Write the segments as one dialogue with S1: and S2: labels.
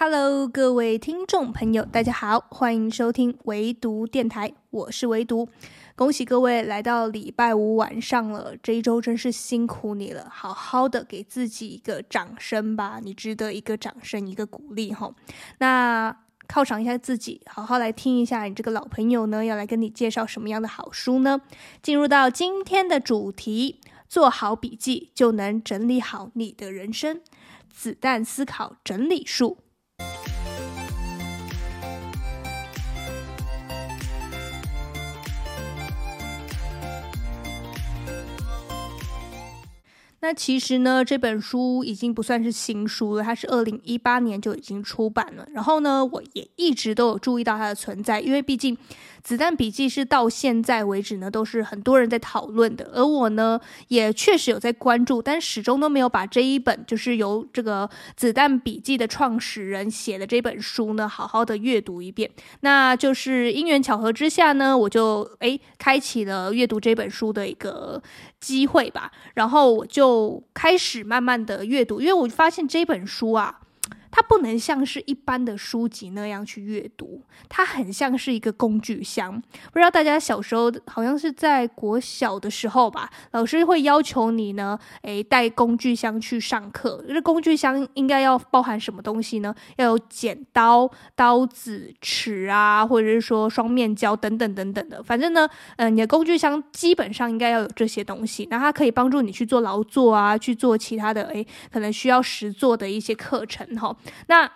S1: Hello，各位聽眾朋友，大家好，歡迎收聽唯讀電台，我是唯讀，恭喜各位來到禮拜五晚上了，這一周真是辛苦你了，好好的給自己一個掌聲吧，你值得一個掌聲，一個鼓勵吼，那犒賞一下自己，好好來聽一下，你這個老朋友呢，要來跟你介紹什麼樣的好書呢？進入到今天的主題，做好筆記就能整理好你的人生，子彈思考整理術。那其實呢，這本書已經不算是新書了，它是二零一八年就已經出版了。然後呢，我也一直都有注意到它的存在，因為畢竟《子彈筆記》是到現在為止呢都是很多人在討論的，而我呢也確實有在關注，但始終都沒有把這一本就是由這個《子彈筆記》的創始人寫的這本書呢好好的閱讀一遍。那就是因緣巧合之下呢，我就，誒，開啟了閱讀這本書的一個。機會吧，然後我就開始慢慢的閱讀，因為我發現這本書啊。它不能像是一般的書籍那樣去閱讀，它很像是一個工具箱。不知道大家小時候好像是在國小的時候吧，老師會要求你呢，哎，帶工具箱去上課。這工具箱應該要包含什麼東西呢？要有剪刀、刀子、尺啊，或者是說雙面膠等等等等的。反正呢，呃，你的工具箱基本上應該要有這些東西。那它可以幫助你去做勞作啊，去做其他的，哎，可能需要實作的一些課程哈。那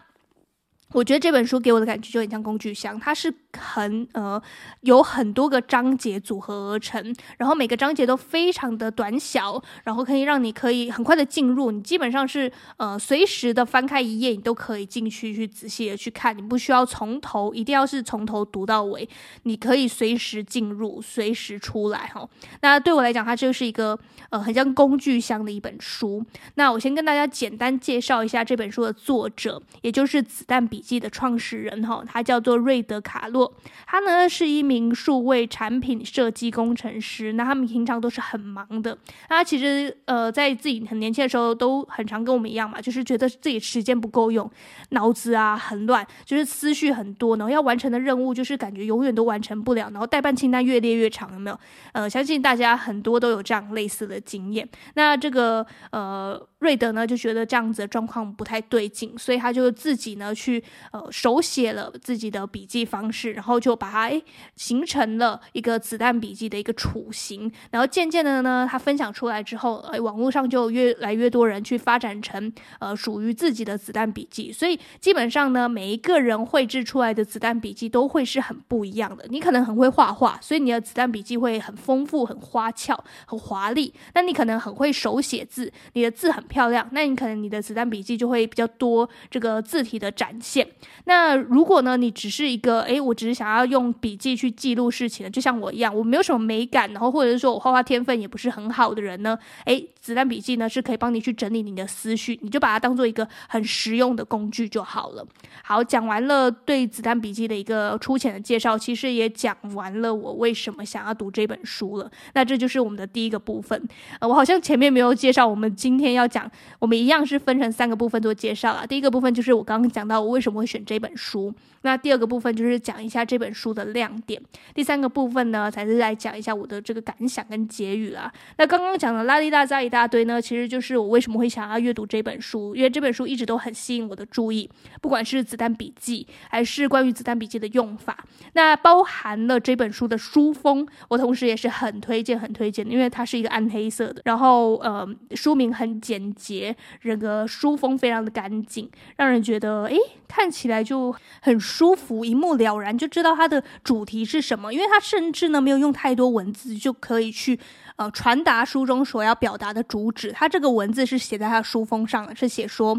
S1: 我覺得這本書給我的感覺就很像工具箱，它是很呃有很多個章節組合而成，然後每個章節都非常的短小，然後可以讓你可以很快的進入。你基本上是呃隨時的翻開一頁，你都可以進去去仔細的去看，你不需要從頭一定要是從頭讀到尾，你可以隨時進入，隨時出來哦。那對我來講，它就是一個呃很像工具箱的一本書。那我先跟大家簡單介紹一下這本書的作者，也就是《子彈筆記》的創始人哈哦，他叫做瑞德·卡洛。他呢是一名數位產品設計工程師，那他們平常都是很忙的。他其實呃，在自己很年輕的時候，都很常跟我們一樣嘛，就是覺得自己時間不夠用，腦子啊很亂，就是思緒很多，然後要完成的任務就是感覺永遠都完成不了，然後待辦清單越列越長，有沒有？呃，相信大家很多都有這樣類似的經驗。那這個呃，瑞德呢就覺得這樣子的狀況不太對勁，所以他就自己呢去呃手寫了自己的筆記方式。然後就把它誒形成了一個子彈筆記的一個雛形，然後漸漸的呢，他分享出來之後，誒，網絡上就越來越多人去發展成呃屬於自己的子彈筆記，所以基本上呢，每一個人繪製出來的子彈筆記都會是很不一樣的。你可能很會畫畫，所以你的子彈筆記會很豐富、很花俏、很華麗。那你可能很會手寫字，你的字很漂亮，那你可能你的子彈筆記就會比較多這個字體的展現。那如果呢，你只是一個誒我。只是想要用筆記去記錄事情的，就像我一樣，我沒有什麼美感，然後或者是說我畫畫天分也不是很好的人呢，哎，子彈筆記呢是可以幫你去整理你的思緒，你就把它當做一個很實用的工具就好了。好，講完了對子彈筆記的一個粗淺的介紹，其實也講完了我為什麼想要讀這本書了。那這就是我們的第一個部分。呃，我好像前面沒有介紹，我們今天要講，我們一樣是分成三個部分做介紹啊。第一個部分就是我剛剛講到我為什麼會選這本書，那第二個部分就是講一些。下這本書的亮點，第三個部分呢，才是來講一下我的這個感想跟結語啦。那剛剛講的拉拉雜雜一大堆呢，其實就是我為什麼會想要閱讀這本書，因為這本書一直都很吸引我的注意，不管是子彈筆記，還是關於子彈筆記的用法，那包含了這本書的書風，我同時也是很推薦很推薦的，因為它是一個暗黑色的，然後呃書名很簡潔，整個書風非常的乾淨，讓人覺得誒看起來就很舒服，一目了然。就知道它的主題是什麼，因為它甚至呢沒有用太多文字就可以去，呃，傳達書中所要表達的主旨。它這個文字是寫在它書封上的，是寫說，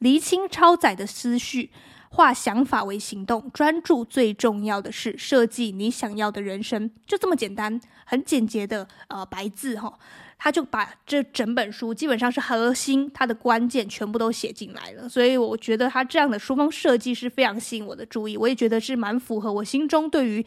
S1: 釐清超載的思緒。化想法為行動，專注最重要的是，設計你想要的人生。就這麼簡單，很簡潔的呃白字哈、哦，他就把這整本書基本上是核心，它的關鍵全部都寫進來了，所以我覺得他這樣的書封設計是非常吸引我的注意，我也覺得是蠻符合我心中對於。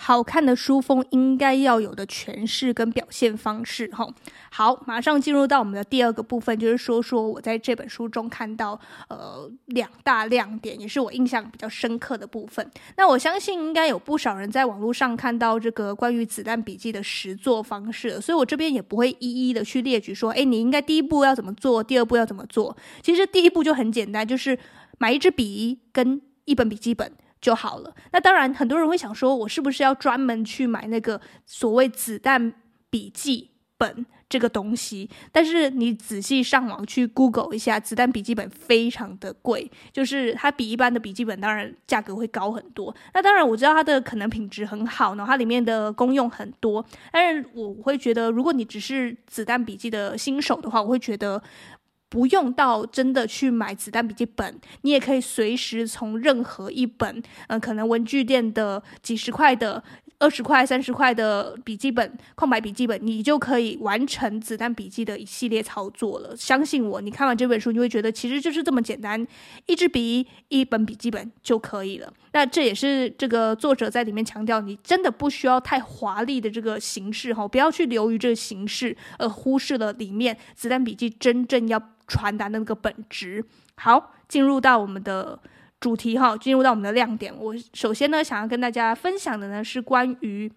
S1: 好看的書封應該要有的詮釋跟表現方式，哈。好，馬上進入到我們的第二個部分，就是說說我在這本書中看到呃兩大亮點，也是我印象比較深刻的部分。那我相信應該有不少人在網絡上看到這個關於子彈筆記的實作方式，所以我這邊也不會一一的去列舉說，哎，你應該第一步要怎麼做，第二步要怎麼做。其實第一步就很簡單，就是買一支筆跟一本筆記本。就好了。那當然，很多人會想說，我是不是要專門去買那個所謂子彈筆記本這個東西？但是你仔細上網去 Google 一下，子彈筆記本非常的貴，就是它比一般的筆記本當然價格會高很多。那當然我知道它的可能品質很好呢，它裡面的功用很多，但是我會覺得，如果你只是子彈筆記的新手的話，我會覺得。不用到真的去買子彈筆記本，你也可以隨時從任何一本，嗯，可能文具店的幾十塊的。二十塊、三十塊的筆記本、空白筆記本，你就可以完成子彈筆記的一系列操作了。相信我，你看完這本書，你會覺得其實就是這麼簡單，一支筆、一本筆記本就可以了。那這也是這個作者在裡面強調，你真的不需要太華麗的這個形式哈，不要去流於這個形式而忽視了裡面子彈筆記真正要傳達的那個本質。好，進入到我們的。主題哈，進入到我們的亮點。我首先呢，想要跟大家分享的呢，是關於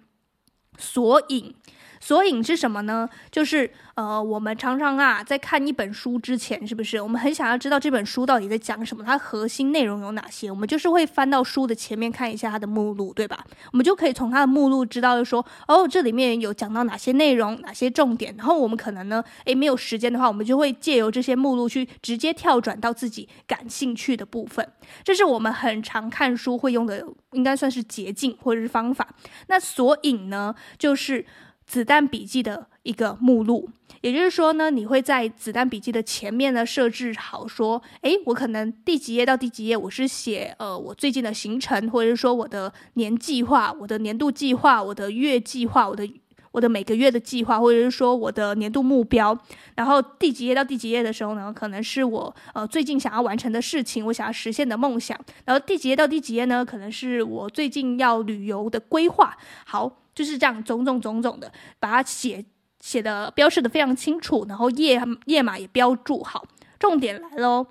S1: 索引。索引是什麼呢？就是呃，我們常常啊，在看一本書之前，是不是我們很想要知道這本書到底在講什麼？它核心內容有哪些？我們就是會翻到書的前面看一下它的目錄，對吧？我們就可以從它的目錄知道說，哦，這裡面有講到哪些內容，哪些重點。然後我們可能呢，誒，沒有時間的話，我們就會借由這些目錄去直接跳轉到自己感興趣的部分。這是我們很常看書會用的，應該算是捷徑或者是方法。那索引呢，就是。子彈筆記的一個目錄，也就是說呢，你會在子彈筆記的前面呢，設置好，說，哎，我可能第幾頁到第幾頁，我是寫，呃，我最近的行程，或者是說我的年計劃、我的年度計劃、我的月計劃、我的。我的每個月的計劃，或者是說我的年度目標，然後第幾頁到第幾頁的時候呢，可能是我呃最近想要完成的事情，我想要實現的夢想，然後第幾頁到第幾頁呢，可能是我最近要旅遊的規劃。好，就是這樣，種種種種的，把它寫寫的標示得非常清楚，然後頁頁碼也標注好。重點來嘍，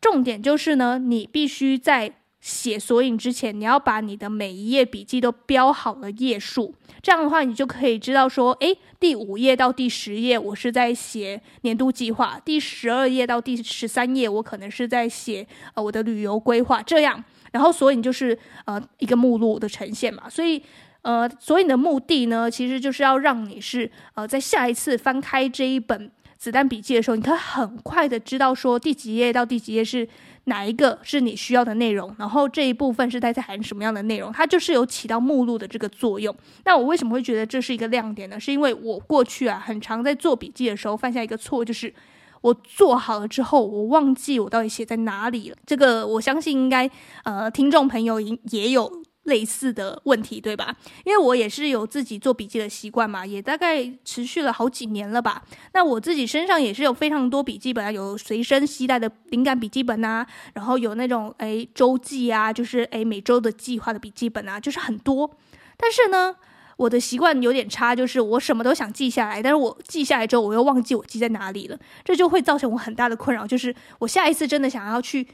S1: 重點就是呢，你必須在。寫索引之前，你要把你的每一頁筆記都標好了頁數，這樣的話，你就可以知道說，誒，第五頁到第十頁，我是在寫年度計劃；第十二頁到第十三頁，我可能是在寫呃我的旅遊規劃。這樣，然後索引就是呃一個目錄的呈現嘛。所以，呃，索引的目的呢，其實就是要讓你是呃在下一次翻開這一本子彈筆記的時候，你可以很快的知道說第幾頁到第幾頁是。哪一個是你需要的內容？然後這一部分是它在含什麼樣的內容？它就是有起到目錄的這個作用。那我為什麼會覺得這是一個亮點呢？是因為我過去啊，很常在做筆記的時候犯下一個錯，就是我做好了之後，我忘記我到底寫在哪裡了。這個我相信應該呃，聽眾朋友應也有。類似的問題，對吧？因為我也是有自己做筆記的習慣嘛，也大概持續了好幾年了吧。那我自己身上也是有非常多筆記本啊，有隨身攜帶的靈感筆記本啊，然後有那種欸週記啊，就是欸每週的計劃的筆記本啊，就是很多。但是呢，我的習慣有點差，就是我什麼都想記下來，但是我記下來之後，我又忘記我記在哪裡了，這就會造成我很大的困擾，就是我下一次真的想要去。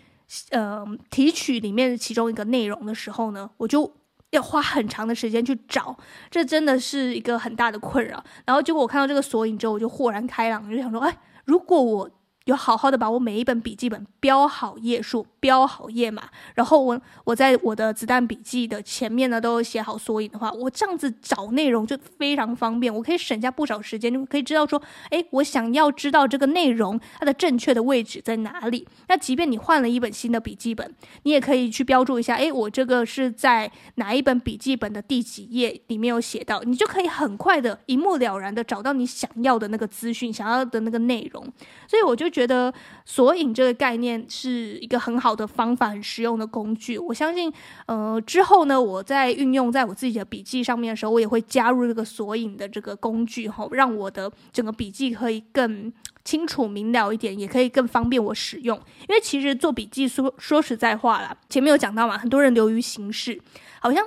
S1: 嗯、呃，提取裡面其中一個內容的時候呢，我就要花很長的時間去找，這真的是一個很大的困擾。然後結果我看到這個索引之後，我就豁然開朗，我就想說：哎，如果我有好好的把我每一本筆記本標好頁數。標好頁碼，然後我我在我的子彈筆記的前面呢，都有寫好索引的話，我這樣子找內容就非常方便，我可以省下不少時間。就可以知道說，哎，我想要知道這個內容它的正確的位置在哪裡。那即便你換了一本新的筆記本，你也可以去標注一下，哎，我這個是在哪一本筆記本的第幾頁裡面有寫到，你就可以很快的一目了然的找到你想要的那個資訊，想要的那個內容。所以我就覺得索引這個概念是一個很好的方法很實用的工具，我相信，呃，之後呢，我在運用在我自己的筆記上面的時候，我也會加入這個索引的這個工具，哈、哦，讓我的整個筆記可以更清楚明了一點，也可以更方便我使用。因為其實做筆記說，說說實在話啦，前面有講到嘛，很多人流於形式，好像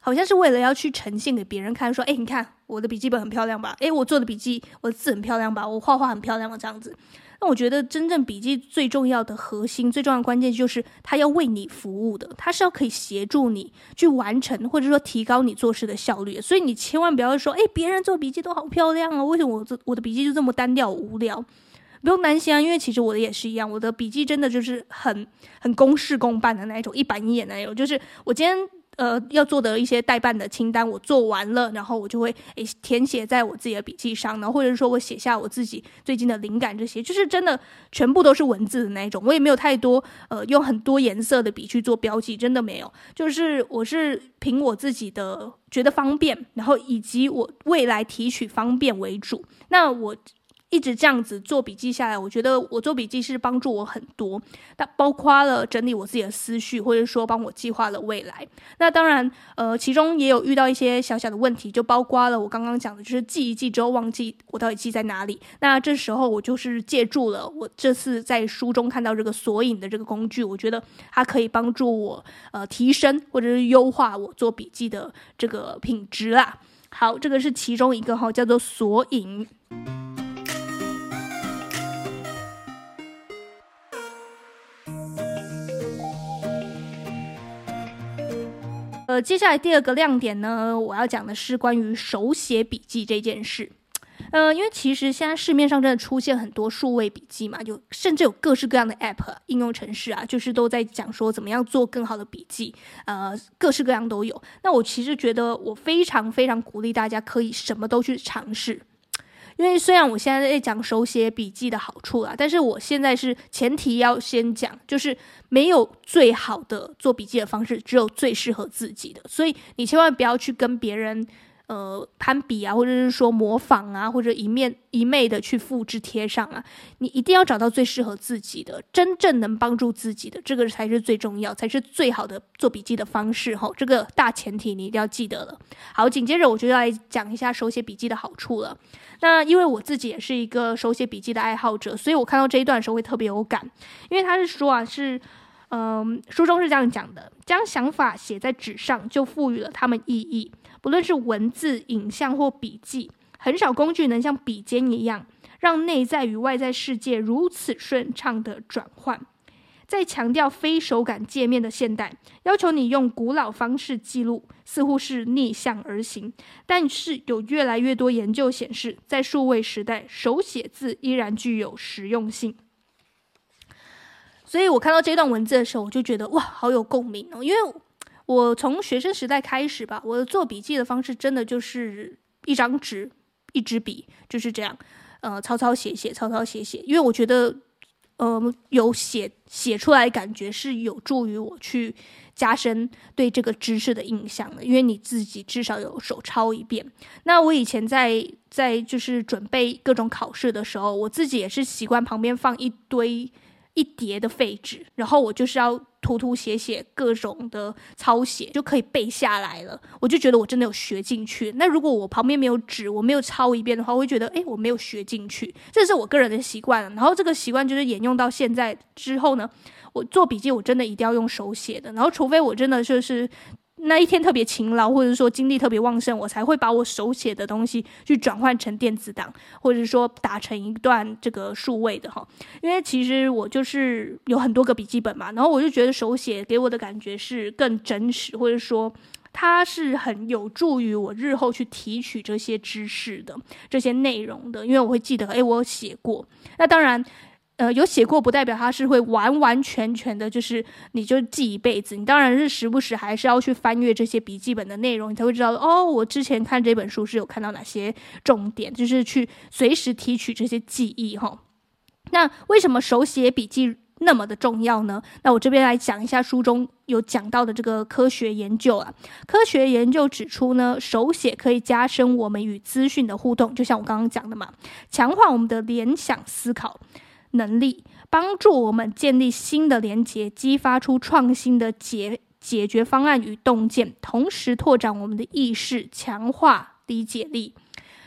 S1: 好像是為了要去呈現給別人看，說，哎，你看我的筆記本很漂亮吧？哎，我做的筆記，我的字很漂亮吧？我畫畫很漂亮了，這樣子。那我覺得真正筆記最重要的核心、最重要的關鍵就是它要為你服務的，它是要可以協助你去完成，或者說提高你做事的效率。所以你千萬不要說，哎，別人做筆記都好漂亮啊、哦，為什麼我這我的筆記就這麼單調無聊？不用擔心啊，因為其實我的也是一樣，我的筆記真的就是很很公事公辦的那一種一板一眼那一種，就是我今天。呃，要做的一些待辦的清單，我做完了，然後我就會誒填寫在我自己的筆記上，然後或者說我寫下我自己最近的靈感這些，就是真的全部都是文字的那一種，我也沒有太多呃用很多顏色的筆去做標記，真的沒有，就是我是憑我自己的覺得方便，然後以及我未來提取方便為主，那我。一直這樣子做筆記下來，我覺得我做筆記是幫助我很多，那包括了整理我自己的思緒，或者說幫我計劃了未來。那當然，呃，其中也有遇到一些小小的問題，就包括了我剛剛講的，就是記一記之後忘記我到底記在哪裡。那這時候我就是借助了我這次在書中看到這個索引的這個工具，我覺得它可以幫助我呃提升，或者是優化我做筆記的這個品質啦啊。好，這個是其中一個哈，叫做索引。呃，接下來第二個亮點呢，我要講的是關於手寫筆記這件事。呃，因為其實現在市面上真的出現很多數位筆記嘛，就甚至有各式各樣的 App 應用程式啊,就是都在講說怎麼樣做更好的筆記。呃，各式各樣都有。那我其實覺得，我非常非常鼓勵大家可以什麼都去嘗試。因為雖然我現在在講手寫筆記的好處啦、啊，但是我現在是前提要先講，就是沒有最好的做筆記的方式，只有最適合自己的，所以你千萬不要去跟別人。呃，攀比啊，或者是說模仿啊，或者一面一昧的去複製貼上啊，你一定要找到最適合自己的，真正能幫助自己的，這個才是最重要，才是最好的做筆記的方式哈、哦。這個大前提你一定要記得了。好，緊接着我就要來講一下手寫筆記的好處了。那因為我自己也是一個手寫筆記的愛好者，所以我看到這一段的時候會特別有感，因為他是說啊，是嗯、呃，書中是這樣講的：將想法寫在紙上，就賦予了他們意義。無論是文字、影像或筆記，很少工具能像筆尖一樣，讓內在與外在世界如此順暢地轉換。在強調非手感界面的現代，要求你用古老方式記錄，似乎是逆向而行。但是有越來越多研究顯示，在數位時代，手寫字依然具有實用性。所以我看到這段文字的時候，我就覺得哇，好有共鳴哦，因為。我從學生時代開始吧，我的做筆記的方式真的就是一張紙，一支筆，就是這樣，呃，抄抄寫寫，抄抄寫寫。因為我覺得，呃，有寫寫出來感覺是有助於我去加深對這個知識的印象的，因為你自己至少有手抄一遍。那我以前在在就是準備各種考試的時候，我自己也是習慣旁邊放一堆一疊的廢紙，然後我就是要。塗塗寫寫，各種的抄寫就可以背下來了。我就覺得我真的有學進去。那如果我旁邊沒有紙，我沒有抄一遍的話，我會覺得哎，我沒有學進去。這是我個人的習慣。然後這個習慣就是沿用到現在之後呢，我做筆記我真的一定要用手寫的。然後除非我真的就是。那一天特別勤勞，或者說精力特別旺盛，我才會把我手寫的東西去轉換成電子檔，或者說打成一段這個數位的哈。因為其實我就是有很多個筆記本嘛，然後我就覺得手寫給我的感覺是更真實，或者說它是很有助於我日後去提取這些知識的這些內容的，因為我會記得，誒，我有寫過。那當然。呃，有寫過不代表他是會完完全全的，就是你就記一輩子。你當然是時不時還是要去翻閱這些筆記本的內容，你才會知道哦。我之前看這本書是有看到哪些重點，就是去隨時提取這些記憶吼。那為什麼手寫筆記那麼的重要呢？那我這邊來講一下書中有講到的這個科學研究啊。科學研究指出呢，手寫可以加深我們與資訊的互動，就像我剛剛講的嘛，強化我們的聯想思考能力幫助我們建立新的連接，激發出創新的解解決方案與洞見，同時拓展我們的意識，強化理解力。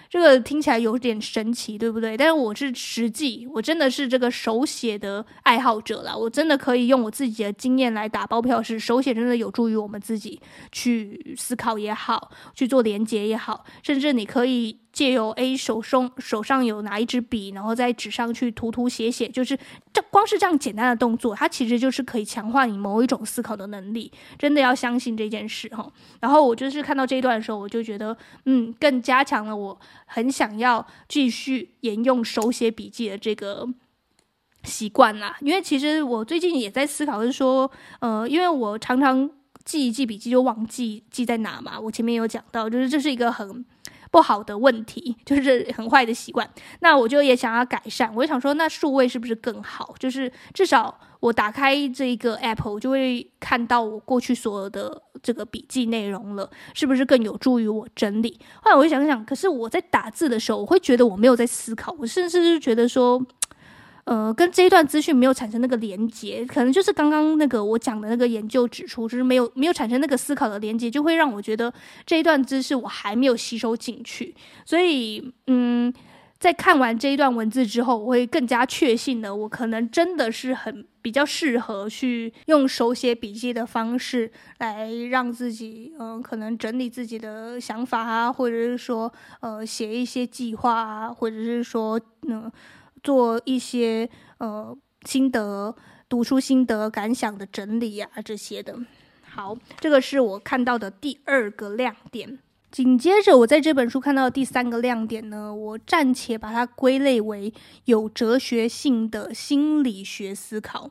S1: 這個聽起來有點神奇，對不對？但是我是實際，我真的是這個手寫的愛好者了。我真的可以用我自己的經驗來打包票，是手寫真的有助於我們自己去思考也好，去做連接也好，甚至你可以。借由 A 手鬆手上有拿一支筆，然後在紙上去塗塗寫寫，就是這光是這樣簡單的動作，它其實就是可以強化你某一種思考的能力，真的要相信這件事哈、哦。然後我就是看到這一段的時候，我就覺得，嗯，更加強了我很想要繼續沿用手寫筆記的這個習慣啦、啊。因為其實我最近也在思考，就是說，呃，因為我常常記一記筆記就忘記記在哪嘛。我前面有講到，就是這是一個很。不好的問題就是很壞的習慣，那我就也想要改善。我就想說，那數位是不是更好？就是至少我打開這個 Apple 就會看到我過去所有的這個筆記內容了，是不是更有助於我整理？後來我就想想，可是我在打字的時候，我會覺得我沒有在思考，我甚至是覺得說。呃，跟這一段資訊沒有產生那個連接，可能就是剛剛那個我講的那個研究指出，就是沒有沒有產生那個思考的連接，就會讓我覺得這一段知識我還沒有吸收進去。所以，嗯，在看完這一段文字之後，我會更加確信的，我可能真的是很比較適合去用手寫筆記的方式來讓自己，嗯、呃，可能整理自己的想法啊，或者是說，呃，寫一些計劃啊，或者是說，嗯、呃。做一些呃心得、讀書心得、感想的整理呀、啊，這些的。好，這個是我看到的第二個亮點。緊接着我在這本書看到的第三個亮點呢，我暫且把它歸類為有哲學性的心理學思考。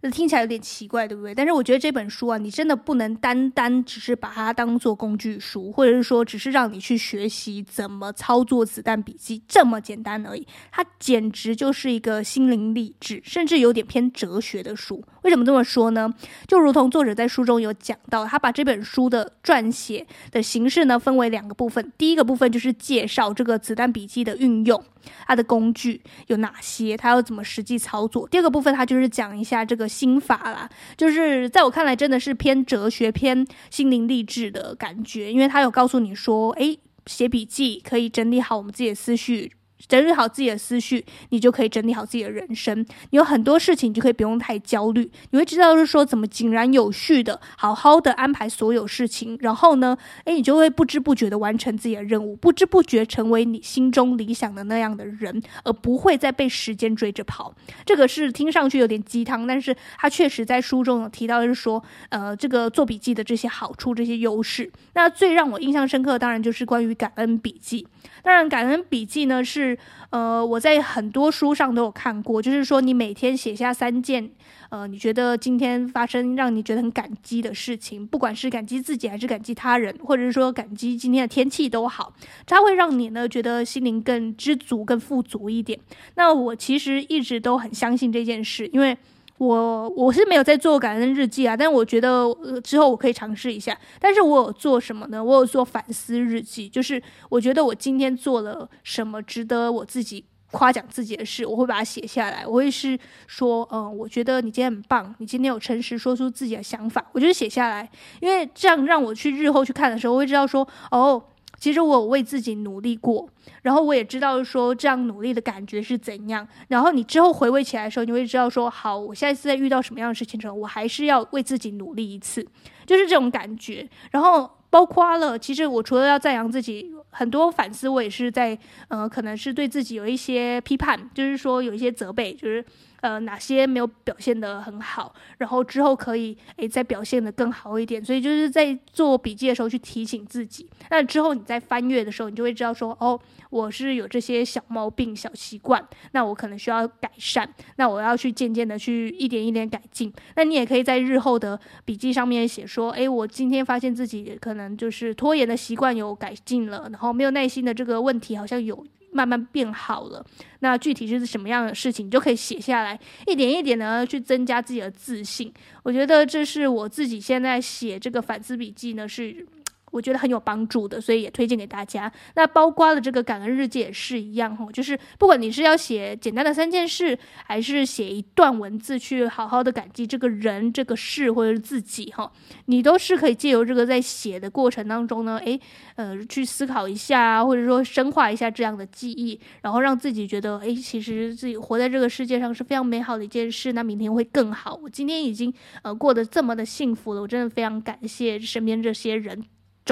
S1: 那聽起來有點奇怪，對不對？但是我覺得這本書啊，你真的不能單單只是把它當做工具書，或者是說只是讓你去學習怎麼操作子彈筆記這麼簡單而已。它簡直就是一個心靈勵志，甚至有點偏哲學的書。為什麼這麼說呢？就如同作者在書中有講到，他把這本書的撰寫的形式呢，分為兩個部分。第一個部分就是介紹這個子彈筆記的運用。它的工具有哪些？它要怎麼實際操作？第二個部分，它就是講一下這個心法啦，就是在我看來，真的是偏哲學、偏心靈勵志的感覺，因為它有告訴你說，誒，寫筆記可以整理好我們自己的思緒。整理好自己的思緒，你就可以整理好自己的人生。你有很多事情，你就可以不用太焦慮。你會知道就是說怎麼井然有序的，好好的安排所有事情。然後呢，哎，你就會不知不覺的完成自己的任務，不知不覺成為你心中理想的那樣的人，而不會再被時間追着跑。這個是聽上去有點雞湯，但是他確實在書中有提到，就是說，呃，這個做筆記的這些好處，這些優勢。那最讓我印象深刻，當然就是關於感恩筆記。當然，感恩筆記呢是。是呃，我在很多書上都有看過，就是說你每天寫下三件呃，你覺得今天發生讓你覺得很感激的事情，不管是感激自己還是感激他人，或者是說感激今天的天氣都好，它會讓你呢覺得心靈更知足、更富足一點。那我其實一直都很相信這件事，因為。我我是沒有在做感恩日記啊，但我覺得，呃，之後我可以嘗試一下。但是我有做什麼呢？我有做反思日記，就是我覺得我今天做了什麼值得我自己誇獎自己的事，我會把它寫下來。我會是說，嗯，我覺得你今天很棒，你今天有誠實說出自己的想法，我就寫下來，因為這樣讓我去日後去看的時候，我會知道說，哦。其實我為自己努力過，然後我也知道說這樣努力的感覺是怎樣。然後你之後回味起來的時候，你會知道說，好，我下一次再遇到什麼樣的事情的時候，我還是要為自己努力一次，就是這種感覺。然後包括了，其實我除了要讚揚自己。很多反思，我也是在，呃，可能是對自己有一些批判，就是說有一些責備，就是，呃，哪些沒有表現得很好，然後之後可以，誒，再表現得更好一點。所以就是在做筆記的時候去提醒自己，那之後你在翻閱的時候，你就會知道說，哦，我是有這些小毛病、小習慣，那我可能需要改善，那我要去漸漸地去一點一點改進。那你也可以在日後的筆記上面寫說，誒，我今天發現自己可能就是拖延的習慣有改進了，然後。我沒有耐心的這個問題好像有慢慢變好了，那具體是什麼樣的事情，你就可以寫下來，一點一點的去增加自己的自信。我覺得這是我自己現在寫這個反思筆記呢，是。我覺得很有幫助的，所以也推薦給大家。那包括的這個感恩日記也是一樣哈，就是不管你是要寫簡單的三件事，還是寫一段文字去好好的感激這個人、這個事或者是自己哈，你都是可以借由這個在寫的過程當中呢，誒呃，去思考一下，或者說深化一下這樣的記憶，然後讓自己覺得，誒，其實自己活在這個世界上是非常美好的一件事。那明天會更好，我今天已經呃過得這麼的幸福了，我真的非常感謝身邊這些人。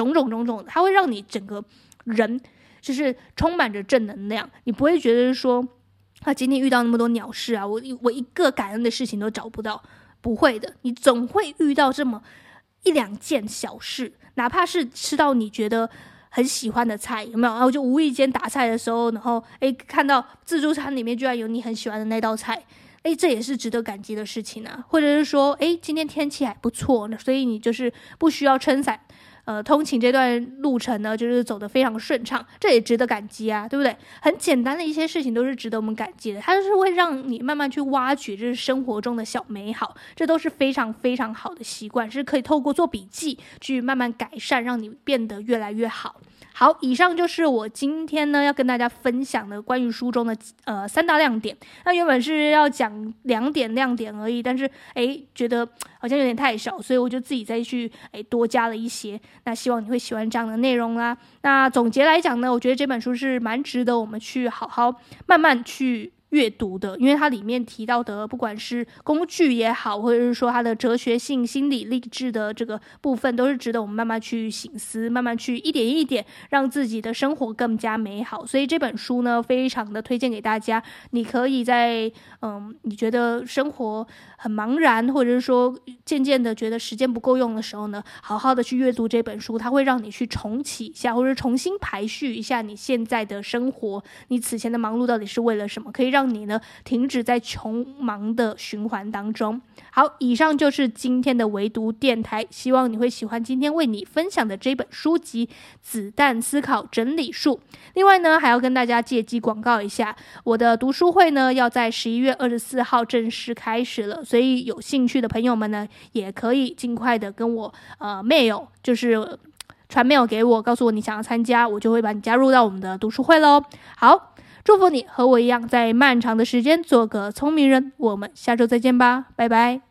S1: 種種種種，它會讓你整個人就是充滿着正能量。你不會覺得說，啊，今天遇到那麼多鳥事啊，我我一個感恩的事情都找不到。不會的，你總會遇到這麼一兩件小事，哪怕是吃到你覺得很喜歡的菜，有沒有？然後就無意間打菜的時候，然後哎，看到自助餐裡面居然有你很喜歡的那道菜，哎，這也是值得感激的事情啊，或者是說，哎，今天天氣還不錯呢，所以你就是不需要撐傘。呃，通勤這段路程呢，就是走得非常順暢，這也值得感激啊，對不對？很簡單的一些事情都是值得我們感激的，它就是會讓你慢慢去挖掘，就是生活中的小美好，這都是非常非常好的習慣，是可以透過做筆記去慢慢改善，讓你變得越來越好。好，以上就是我今天呢要跟大家分享的關於書中的呃三大亮點。那原本是要講兩點亮點而已，但是誒覺得好像有點太少，所以我就自己再去誒多加了一些。那希望你會喜歡這樣的內容啦。那總結來講呢，我覺得這本書是蠻值得我們去好好慢慢去。閱讀的，因為它裡面提到的，不管是工具也好，或者是說它的哲學性、心理勵志的這個部分，都是值得我們慢慢去省思，慢慢去一點一點讓自己的生活更加美好。所以這本書呢，非常的推薦給大家。你可以在嗯，你覺得生活很茫然，或者是說漸漸的覺得時間不夠用的時候呢，好好的去閱讀這本書，它會讓你去重啟一下，或者重新排序一下你現在的生活。你此前的忙碌到底是為了什麼？可以讓讓你呢，停止在窮忙的循環當中。好，以上就是今天的唯獨電台，希望你會喜歡今天為你分享的這本書籍《子彈思考整理術》。另外呢，還要跟大家借機廣告一下，我的讀書會呢要在十一月二十四號正式開始了，所以有興趣的朋友們呢，也可以盡快的跟我呃 mail，就是傳 mail 給我，告訴我你想要參加，我就會把你加入到我們的讀書會嘍。好。祝福你和我一樣，在漫長的時間做個聰明人。我們下週再見吧，拜拜。